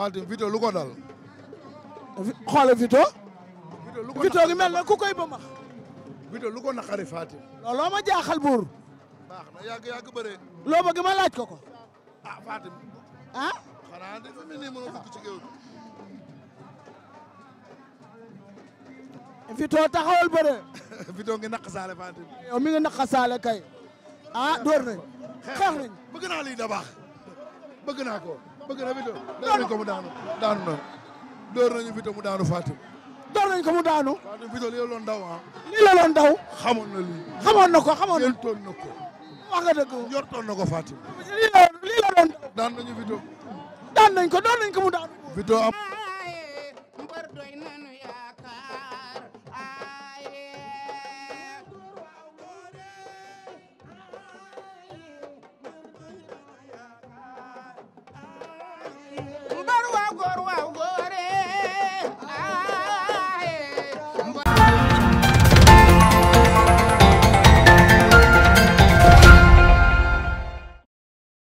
parle d'une vidéo Lugo dal. quoi la vidéo lu ko Vito gi mel na ku koy ba max. Vito lu ko naqari Fatim. jaaxal buur. baax na yàgg yàgg bëree. loo bëgg ma laaj ko ko. ah Fatim. ah. xanaa dafa mel ni mën a ci géew bi. Vito taxawal bëree. Vito ngi naqasaale Fatim. yow mi ngi naqasaale kay. ah door nañ xeex nañ bëgg naa lii da baax bëgg naa ko. bëgg na Vito door nañ ko mu daanu daanu na door nañu Vito mu daanu Fatim door nañ ko mu daanu Fatim Vito lii la doon daw ah lii la doon daw xamoon na lii xamoon na ko xamoon na toon na ko wax nga dëgg njortoon na ko Fatim lii la lii daw daan nañu Vito daan nañ ko door nañ ko mu daanu Vito am